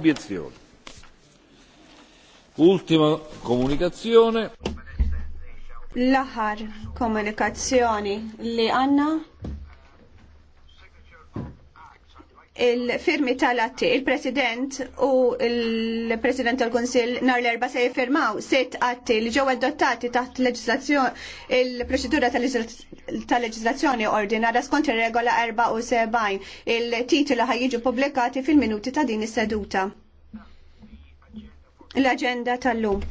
Obiezione. Ultima comunicazione. L-aħħar komunikazzjoni li għanna il-firmi tal-atti, il-President u il-President tal-Konsil nar l-erba se jiffirmaw set atti li ġew adottati taħt il-proċedura tal-leġislazzjoni ordinarja skont ir-regola 74 il-titoli ħajjiġu pubblikati fil-minuti ta' din is-seduta. L-aġenda tal-lum.